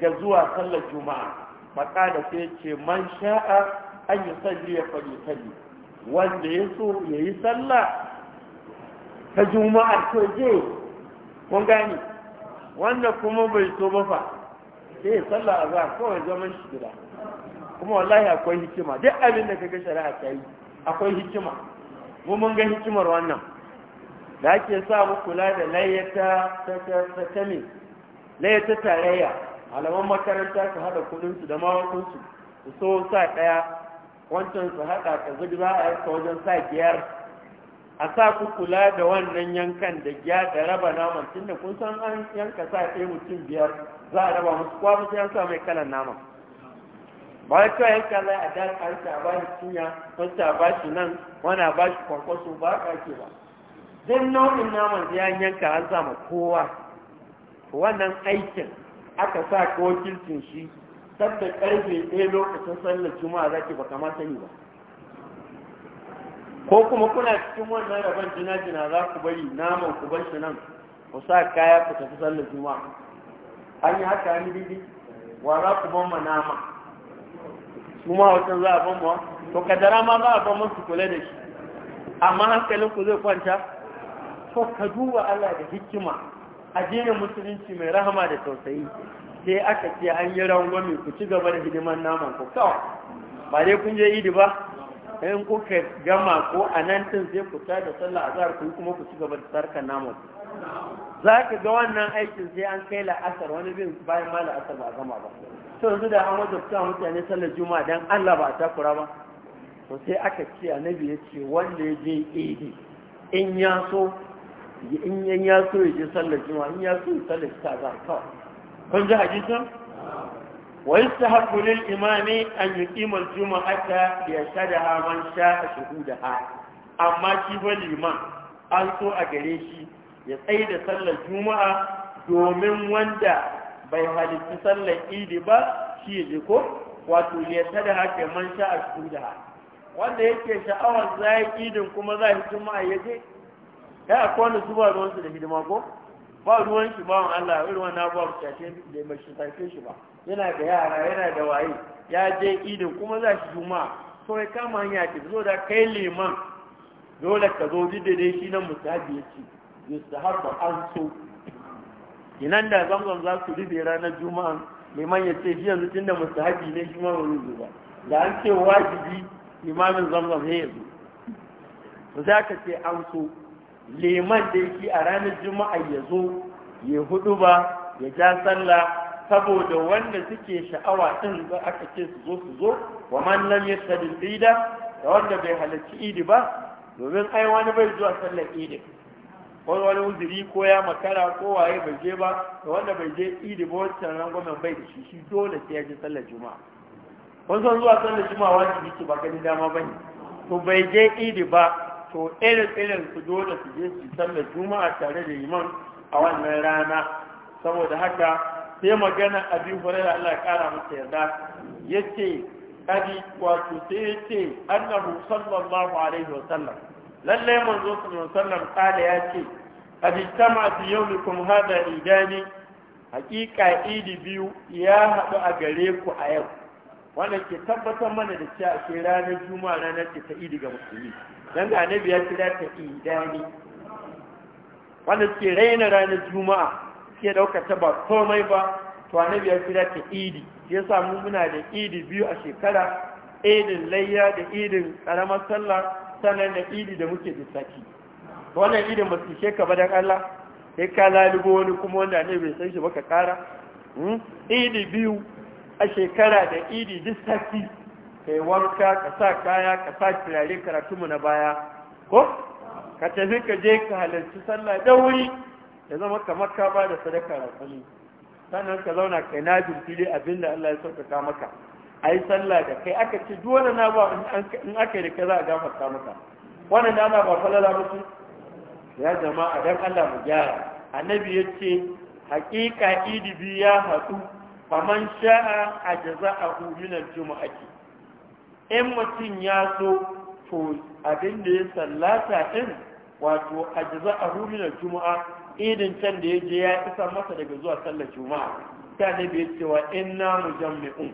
ya ce man sha'a, an من شاء أن يصلي فليصلي wanda ya so ya yi sallah ta juma'ar to je kun gani wanda kuma bai so ba fa sai sallah a za kawai zaman shi gida kuma wallahi akwai hikima duk abin da kaga shari'a ta yi akwai hikima mu mun ga hikimar wannan da ake sa mu kula da layyata ta ta ta ne layyata tarayya malaman makaranta su hada kudin su da mawakun su su so sa daya wancan su hada ka a yanka wajen sa biyar a sa ku kula da wannan yankan da giya da raba naman tunda kun san an yanka sa ɗaya mutum biyar za a raba musu kwa musu yan sa mai kalan naman ba ya cewa yanka za a dace hanci a bashi cinya hanci a bashi nan wani a bashi kwankwaso ba a ƙarfe ba duk nau'in naman ya yanka an ma kowa wannan aikin aka sa ka wakilcin shi sabda karfe ɗaya lokacin sallar juma'a zaki ba kamata ni ba ko kuma kuna cikin wannan rabon jina-jina za ku bari naman ku bar shi nan ku sa kaya ku tafi sallar juma'a an yi haka ni bibi wa za ku ban ma nama Kuma wacan za a ban to kadara ma za a ban musu kula da shi amma hankalin ku zai kwanta to ka duba Allah da hikima addinin musulunci mai rahama da tausayi sai aka ce an yi rangwame ku ci gaba da hidiman naman ku kawai ba dai kun je idi ba in kuka gama ko a nan tun sai ku ta da sallah azhar ku kuma ku ci gaba da sarkar naman za ka ga wannan aikin sai an kai la'asar wani bin bayan ma la'asar ba a gama ba to yanzu da an wajabta mutane sallar juma'a don Allah ba ta kura ba to sai aka ce nabi ya ce wanda ya je ebe in ya so in ya so ya je sallar juma'a in ya so ya sallar ta za ka kun ji hadisin wa juma'a ta imami sha da haman sha a shahu da ha amma shi ba liman an so a gare shi ya tsaye da sallar juma'a domin wanda bai halitta sallar idi ba shi ya ko wato ya da haka man sha a cikin da wanda yake sha'awar zai idin kuma za shi yaje ya akwai wani su ba ruwansu da hidima ko ba ruwan shi bawan Allah irin wani abu ba shafe da mai shi shafe shi ba yana da yara yana da waye ya je idin kuma za shi juma'a so ya kama hanya ta zo da kai liman dole ka zo duk dai shi nan musabi ya ce yustahabba an so inan da zamzam za su rufe ranar juma'a liman ya ce shi yanzu tunda mustahabi ne shi ma ba rufe ba da an ce wajibi imamin zamzam ne yanzu to za ka ce an so liman da yake a ranar juma'a ya zo ya hudu ba ya ja sallah saboda wanda suke sha'awa din za aka ce su zo su zo wa man lam yastadil da wanda bai halarci idi ba domin ai wani bai zuwa sallar idi wani wani wuziri ko ya makara ko waye bai je ba da wanda bai je idi ba wancan rangwamen bai da shi shi dole sai ya je sallar juma'a wani son zuwa sallar juma'a wajibi ce ba gani dama bane to bai je idi ba to irin irin su dole su je su sallar juma'a tare da yiman a wannan rana saboda haka sai magana abi hurairah Allah ya kara masa yarda yace kadi wato sai yace annabi sallallahu alaihi wasallam lalle manzo sallam kala ya ce ajtama fi kuma hada idani hakika idi biyu ya haɗu a gare ku a yau wannan ke tabbatar mana da cewa ke ranar juma'a ranar ce ta idi ga musulmi dan ga annabi ya kira ta idani wanda suke raina ranar juma'a suke ɗaukar ta ba komai ba to annabi ya kira ta idi ya samu muna da idi biyu a shekara idin layya da idin ƙaramar sallah sannan da idi da muke bisaki wannan idin ba su ishe ka badan Allah sai ka lalubo wani kuma wanda ne bai san shi ba ka kara hmm? idi biyu a shekara da idi lissafi ka kai wanka ka sa kaya ka sa turare karatunmu na baya ko ka tafi ka je ka halarci sallah da wuri ya zama kamar ka ba da sadaka rasali sannan ka zauna kai na abin abinda Allah ya sauƙaƙa maka ai sallah da kai aka ce dole na ba in aka yi da kaza za a gafarta maka wannan na na ba falala mutu ya jama'a dan Allah mu gyara annabi ya ce haƙiƙa idi biyu ya haɗu faman sha'a a jaza a hulunan juma'aki in mutum ya so to abin da ya sallata ɗin wato a jaza a hulunan juma'a idin can da ya je ya isa masa daga zuwa sallar juma'a ta annabi ya ce wa inna mujammi'un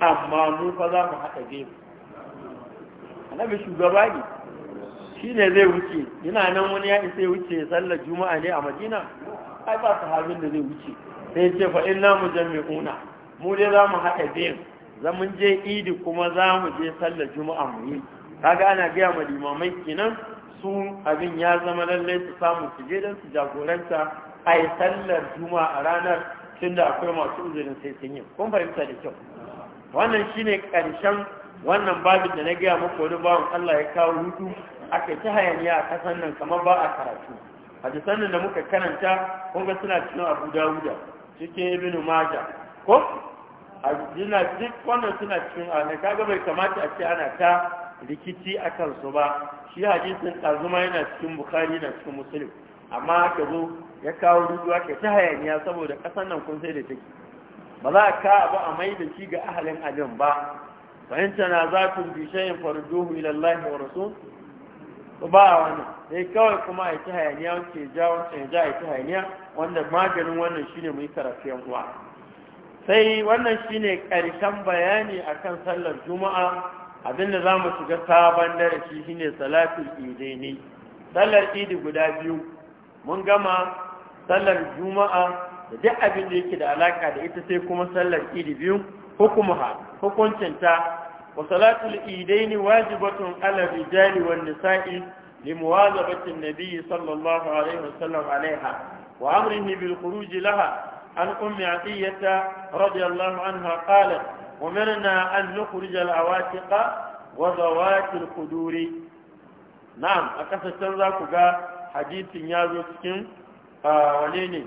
amma mu fa za mu haɗa gemu annabi shugaba ne shi ne zai wuce yana nan wani ya isa ya wuce sallar juma'a ne a madina ai ba sahabin da zai wuce sai ce fa inna mujammi'una mu dai za mu haɗa gefe za mu je idi kuma za mu je sallar juma'a mu yi kaga ana gaya ma limamai kenan su abin ya zama lallai su samu su je don su jagoranta a yi sallar juma'a a ranar tunda akwai masu uzurin sai sun yi kun fahimta da kyau wannan shine karshen wannan babin da na gaya muku wani bawan Allah ya kawo hutu aka ta hayaniya a ƙasar nan kamar ba a karatu hadisan da muka karanta kun ga suna cikin Abu Dawud cikin Ibn Majah ko duk wannan suna cikin ana kaga bai kamata a ce ana ta rikici a kansu ba shi hadisin ɗazuma yana cikin Bukhari na cikin Muslim amma aka zo ya kawo hutu aka ta hayaniya saboda ƙasar nan kun sai da take ba za ka abu a mai da shi ga ahalin abin ba fahimta na za ku bi shayin farduhu ilallahi wa rasu ba wani sai kawai kuma a ta hayaniya wacce ja wacce ja a ta hayaniya wanda maganin wannan shine mu yi karafiyan uwa sai wannan shine karshen bayani akan sallar juma'a abinda za mu shiga sabon darasi shine salatul ne. sallar idi guda biyu mun gama sallar juma'a da duk abin da yake da alaka da ita sai kuma sallar idi biyu hukumuha hukuncinta wa salatul idaini wajibatun ala rijali wan nisa'i limuwazabati an-nabi sallallahu alaihi wasallam alaiha wa amrihi bil khuruj laha an ummi atiyata radiyallahu anha qalat umirna an nukhrij al-awatiqa wa zawatil quduri na'am a ƙasashen za ku ga hadisin ya zo cikin ah, wane ne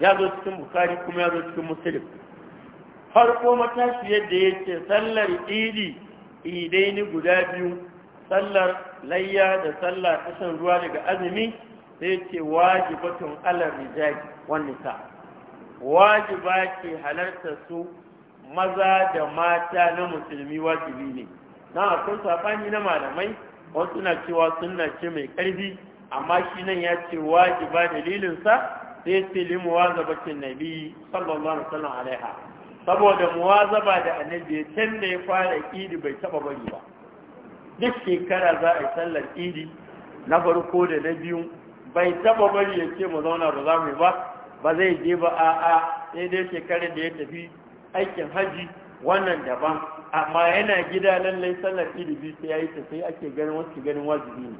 ya zo cikin bukari kuma ya zo cikin musulun farko matashi yadda ya ce sallar idi idai ni guda biyu sallar layya da sallar ƙasan ruwa daga azumi sai ce wajibatun alar rijaji wani sa wajiba ke halarta su maza da mata na musulmi wajibi ne na akwai safani na malamai wasu na cewa sunna ce mai karfi amma shi nan ya ce wajiba dalilinsa sai ce li muwazabatin nabi sallallahu alaihi wasallam alaiha saboda muwazaba da annabi tun da ya fara idi bai taba bari ba duk shekara za a yi sallar idi na farko da na biyu bai taba bari ya ce mu zauna ba za mu ba ba zai je ba a'a sai dai shekarar da ya tafi aikin haji wannan daban amma yana gida lallai sallar idi biyu sai ya yi ta sai ake ganin wasu ganin wajibi ne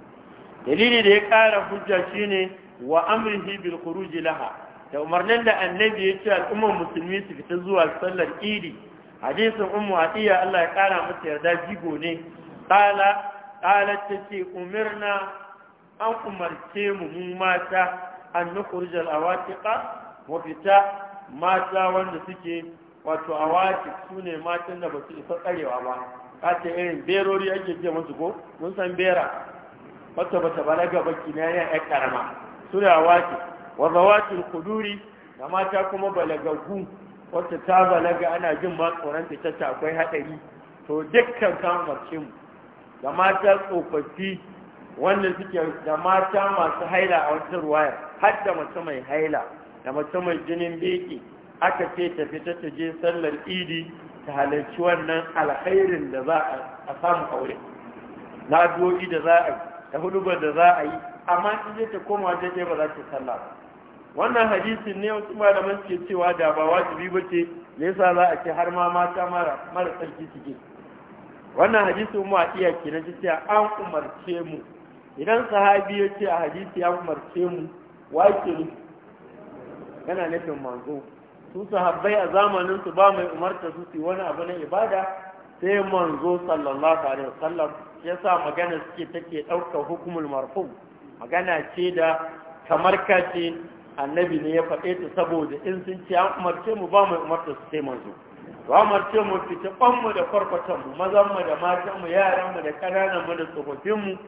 dalili da ya kara hujja shine wa amrihi bil khuruj laha da umarnin da annabi ya ce al'ummar musulmi su fita zuwa sallar idi hadisin ummu atiya Allah ya kara mata yarda jigo ne qala qala tace umirna an umarce mu mu mata an nukhruj al awatiqa wa fita mata wanda suke wato awati sune matan da ba su isa tsarewa ba kace irin eh, berori ake ce musu ko mun san bera wata bata balaga baki na yana karama suna wace wa zawatin kuduri da mata kuma balagaggu wacce ta balaga ana jin ma tsoron ta akwai haɗari to dukkan kamarcin da mata tsofaffi wanda suke da mata masu haila a wata ruwaya har da mace mai haila da mace mai jinin beki aka ce ta fita ta je sallar idi ta halarci wannan alkhairin da za a samu aure na da za a yi da hudubar da za a yi amma in zai ta koma wajen ɗaya ba za ta sallah ba wannan hadisin ne wasu malaman suke cewa da ba wajibi ba ce me yasa za a ce har ma mata mara mara sarki suke wannan hadisin mu a iya kenan cewa an umarce mu idan sahabi ya ce a hadisi an umarce mu wake ne yana nufin manzo su sahabbai a zamanin su ba mai umarta su su wani abu na ibada sai manzo sallallahu alaihi wasallam yasa magana suke take ɗaukar hukumul marfu' magana ce da kamar kace annabi ne ya faɗe ta saboda in sun ce an umarce mu ba mu umarta su sai manzo ba umarce mu fita mu da farfatan mu mazan mu da matan mu yaran mu da ƙananan mu da tsofaffin mu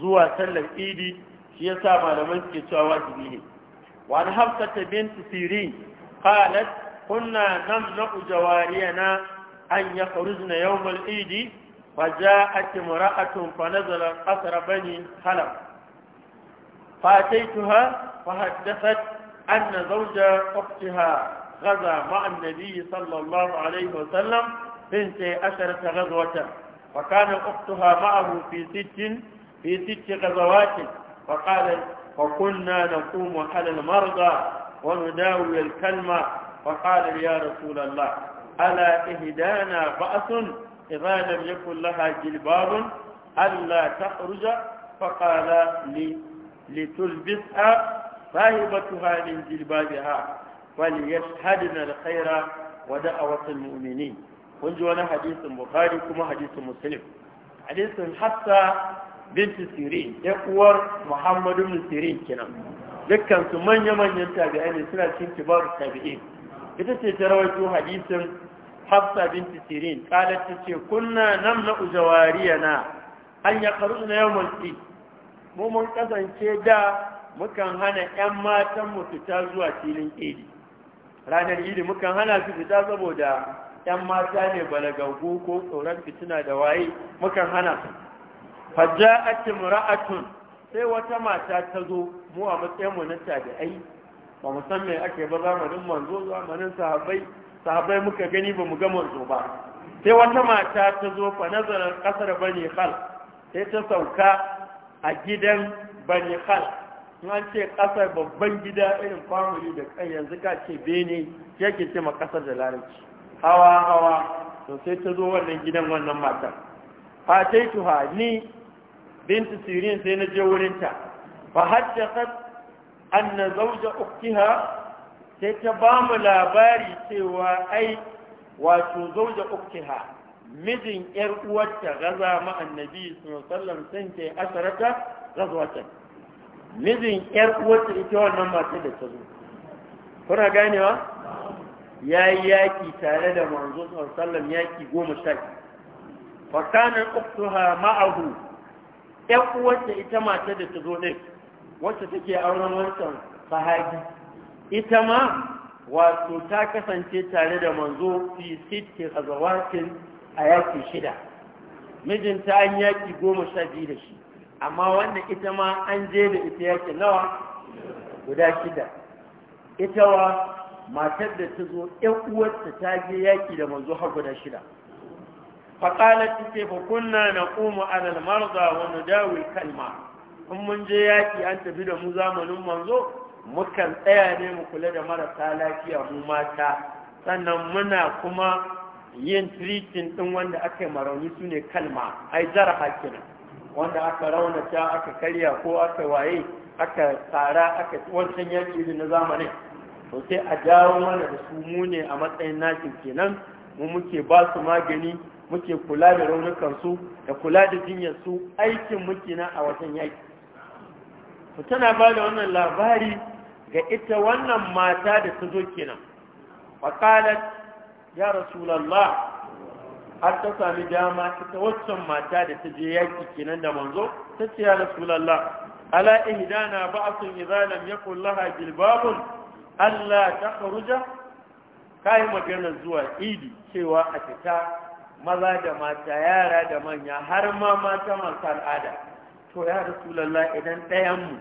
zuwa sallar idi shi yasa malaman suke cewa wajibi ne wa an ta bint sirin qalat kunna namnu jawariyana an yakhrujna yawm al-idi فجاءت امرأة فنزل قصر بني خلف فأتيتها فحدثت أن زوج أختها غزا مع النبي صلى الله عليه وسلم بنت عشرة غزوة وكان أختها معه في ست في ست غزوات فقال وكنا نقوم على المرضى ونداوي الكلمة فقال يا رسول الله ألا إهدانا بأس إذا لم يكن لها جلباب ألا تخرج فقال لي لتلبسها صاحبتها من جلبابها وليشهدن الخير ودعوة المؤمنين كنت وانا حديث البخاري كما حديث مسلم حديث حتى بنت سيرين يقور محمد بن سيرين كنا dukkan su manya-manyan tabi'ai ne suna cikin kibar tabi'in ita ce ta rawaito hadisin hafsa binti sirin kalar ta ce kunna namna ujawariya na an ya na mu mun kasance da mukan hana 'yan matan mu fita zuwa filin idi ranar idi mukan hana su fita saboda 'yan mata ne balagagu ko tsoron fitina da waye mukan hana su ake imra'atun sai wata mata ta zo mu a matsayin mu na tabi'ai ba mu san me ake ba zamanin manzo zamanin sahabbai sahabbai muka gani ba mu ga manzo ba sai wata mata ta zo fa nazarar kasar bani khal sai ta sauka a gidan bani khal an ce kasar babban gida irin family da kan yanzu ka ce bene yake ce ma kasar da larabci hawa hawa to sai ta zo wannan gidan wannan matan tuha, ni bintu sirin sai na je wurinta fa haddathat anna zawja ukiha? sai ta ba mu labari cewa ai wato zawja ukiha? mijin yar uwarta gaza ma annabi sallallahu alaihi wasallam asarata gazwatan mijin yar uwarta ita wannan matar da ta zo kuna ganewa yi yaki tare da manzo sallallahu alaihi wasallam yaki goma sha fa kana uktuha ma'ahu yar uwarta ita matar da ta zo ne, wacce take auren wancan sahabi ita ma wato ta kasance tare da manzo fi sitti gazawatin a yaƙi shida mijinta an yaƙi goma sha biyu da shi amma wannan ita ma an je da ita yaƙi nawa guda shida ita wa matar da ta zo ‘yan uwarta ta je yaƙi da manzo har guda shida faƙalar ta fa kunna na ƙumu alal wa nudawi kalma in mun je yaƙi an tafi da mu zamanin manzo mukan tsaya ne mu kula da marasa lafiya mu mata sannan muna kuma yin tritin ɗin wanda aka yi marauni su ne kalma ai zara hakina, wanda aka raunata aka karya ko aka waye aka tsara aka wancan yaki irin na zamanin to sai a jawo mana da su mune a matsayin nakin kenan mu muke ba su magani muke kula da raunukansu da kula da jinyarsu aikin muke na a wajen yaki to tana ba da wannan labari ga ita wannan mata da ta zo kenan faqalat ya rasulallah har ta sami dama ta waccan mata da ta je yaki kenan da manzo ta ce ya rasulallah ala ihdana ba'sun idza lam yakul laha jilbab alla takhruja kai magana zuwa idi cewa a fita maza da mata yara da manya har ma mata masu al'ada to ya rasulallah idan ɗayan mu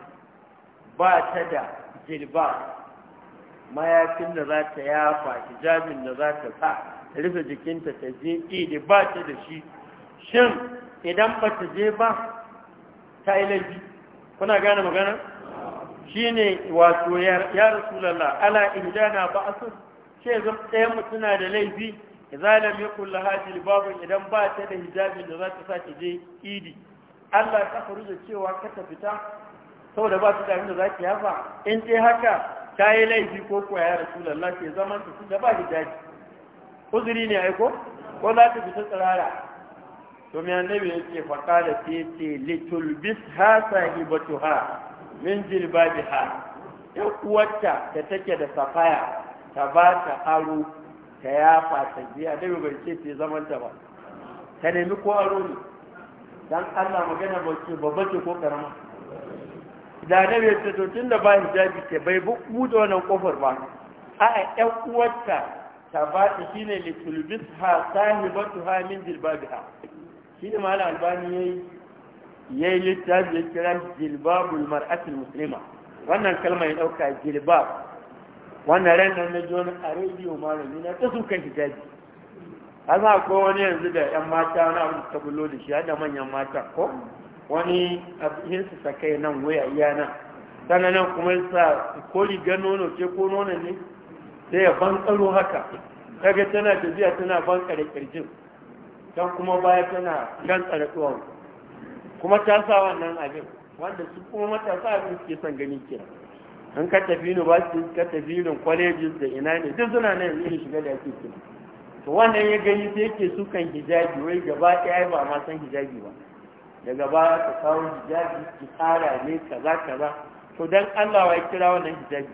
ba ta da jilbab mayafin da za ta yafa hijabin da za ta sa rufe jikinta ta je idi ba ta da shi shin idan ba ta je ba ta yi laifi kuna gane magana Shi ne wato ya lalla. ala ihdana ba sun ce zan ɗaya mutuna da laifi idan ya kulla hajji jilbabun idan ba ta da hijabin da za ta sa ta je idi Allah ka faru da cewa ka ta fita saboda ba ta da da za ta yafa in dai haka ta yi laifi ko kuwa ya rasulallah ke zaman da ba daji uzuri ne aiko ko za ta fita tsirara to mai annabi ya ce faka da ce ce bis ha sahi batu ha min bi ha ya kuwata ta take da safaya ta ba ta aro ta fata ta biya annabi bai ce ce zaman ta ba ta nemi ko aro ne dan Allah magana ba ce ce ko karama da na ya ce tun da bayan jabi ke bai buɗe wannan ƙofar ba a ƴan uwarta ta shi ne shine litulbis ha sahibatu ha min shi ne malam albani ya yi littafi ya kira jilbabul mar'atul muslima wannan kalmar ya ɗauka jilbab wannan ran nan na jona a rediyo malami na ta suka hijabi za ko kowane yanzu da 'yan mata na abu ta bullo da shi da manyan mata ko wani abin su kai nan waya iya nan sannan kuma sa ko rigar nono ce ko nono ne sai ya tsaro haka kaga tana tafiya tana bankare kirjin don kuma baya tana tsare tsohon kuma ta sa wannan abin wanda su kuma matasa abin suke son gani kira an ka tafi su ka tafi yin colleges da ina ne duk suna nan ne shiga da ake kira to wannan ya gani sai yake sukan hijabi wai gaba ɗaya ba ma san hijabi ba daga baya ka kawo hijabi ki tsara ne kaza kaza to dan Allah wa ya kira wannan hijabi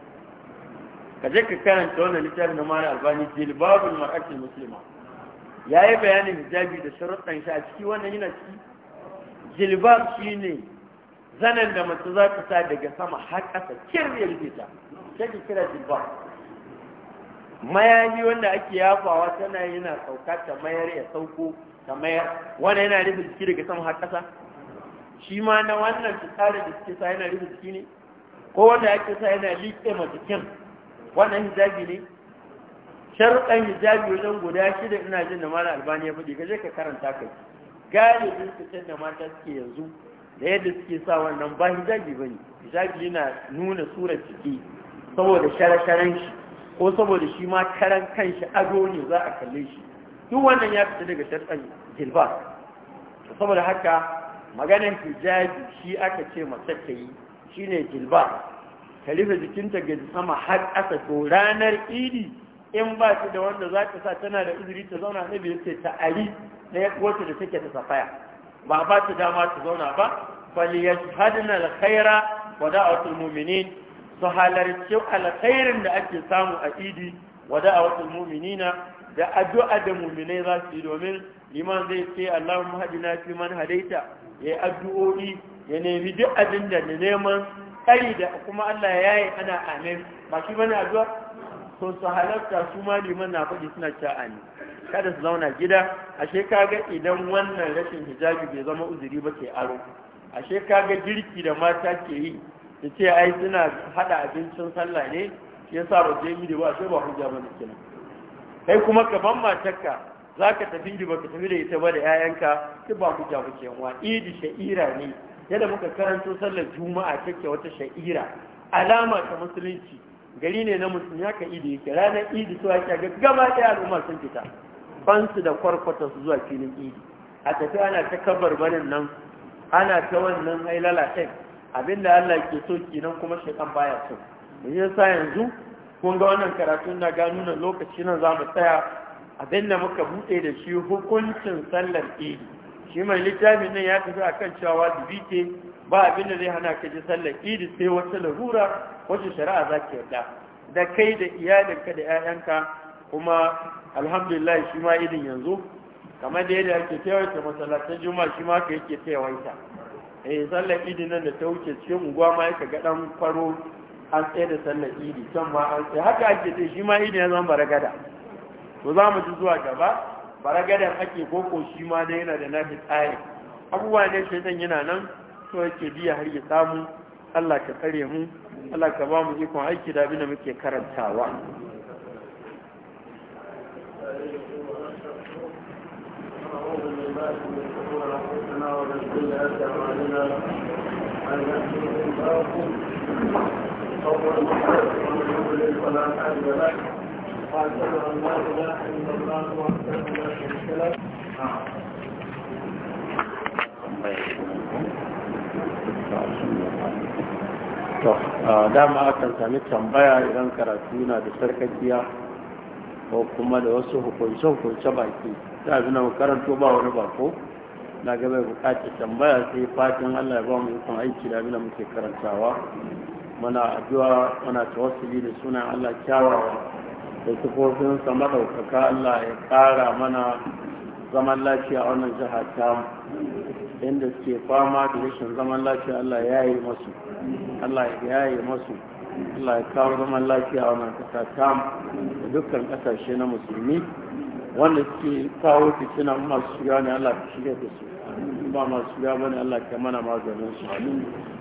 ka je ka karanta wannan littafin na mara albani jilbabul mar'ati muslima yayi bayanin hijabi da sharuɗan shi a ciki wannan yana ciki jilbab shine zanen da mace za ta sa daga sama har ƙasa kirri ya rufe ta sai kira jilbab mayayi wanda ake yafawa tana yana sauka ta mayar ya sauko kamar wani yana rufe jiki daga sama har ƙasa shi ma na wannan fitsarin da suke sa yana rufe jiki ne ko wanda ya ke sa yana liƙe ma jikin wannan hijabi ne sharuɗan hijabi wajen guda shida ina jin da mara albani ya faɗi gaje ka karanta kai galibin can da mata suke yanzu da yadda suke sa wannan ba hijabi ba ne hijabi yana nuna surar jiki saboda shara-sharan shi ko saboda shi ma karan kanshi ado ne za a kalle shi duk wannan ya fita daga sharɗan Gilbar. saboda haka maganin hijabi shi aka ce mace ta yi ne Gilbar. ta rufe jikinta ga sama har ƙasa to ranar idi in ba ta da wanda za ta sa tana da uzuri ta zauna na biyu ce ta Ali. na ya wacce da take ta safaya ba ba ta dama ta zauna ba falyashhadna alkhaira a da'atul mu'minin su halarci alkhairin da ake samu a idi a da'atul mu'minina da addu'a da muminai za su yi domin liman zai ce Allahumma hadina fi man hadaita ya addu'o'i ya nemi duk abin da neman tsari da kuma Allah ya yi ana amin ba shi bane addu'a to su halarta su ma liman na faɗi suna cewa amin kada su zauna gida ashe kaga idan wannan rashin hijabi bai zama uzuri ba sai aro ashe kaga girki da mata ke yi da ce ai suna haɗa abincin sallah ne shi yasa ba je yi da ba sai ba hujja ba ne kenan kai kuma ka ban matarka za ka tafi ba ka tafi da ita ba da 'ya'yanka duk ba ku ja ku wa idi sha'ira ne yadda muka karanto sallar juma'a take wata sha'ira alama ta musulunci gari ne na musulmi haka idi yake ranar idi su ake ga gaba ɗaya al'umma sun fita ban da kwarkwata su zuwa filin idi a tafi ana ta kabar banin nan ana ta wannan ailala ɗin abinda allah ke so kenan kuma shekan baya so yanzu kun ga wannan karatun na gano nan lokaci nan za mu tsaya abin muka buɗe da shi hukuncin sallar idi shi mai littafin nan ya tafi akan cewa wajibi bite. ba abin zai hana ka ji sallar idi sai wata larura wacce shari'a za ki yarda da kai da iyalinka da 'ya'yanka kuma alhamdulillah shi ma idin yanzu kamar da yadda ake tewaita masallacin juma'a shi ma ka yake tewaita eh sallar idi nan da ta wuce cikin unguwa ma ka ga ɗan faro an tsaye da sallar idi can ma an tsaye haka ake ce shi ma idi ya zama baragada to za mu ji zuwa gaba baragadan ake koko shi ma dai yana da nafi tsari abubuwa ne zan yana nan to yake biya har ya samu Allah ka tsare mu Allah ka ba mu ikon aiki da abin da muke karantawa Thank you. a dama akan sami tambaya idan karatu na da sarkakiya ko kuma da wasu hukunce-hukunce baki ta abin da karanto ba wani bako na gaba tambaya sai fatan allah ya ba mu aiki da abin da muke karantawa muna addu'a muna tawassuli da sunan Allah kyawawa da sa maɗaukaka Allah ya ƙara mana zaman lafiya a wannan jiha ta inda suke fama da rashin zaman lafiya Allah ya yi masu Allah ya yi masu Allah ya kawo zaman lafiya a wannan ƙasa ta da dukkan ƙasashe na musulmi wanda suke kawo fitina masu shiga ne Allah ka shiga da su ba masu shiga bane Allah ka mana maganin su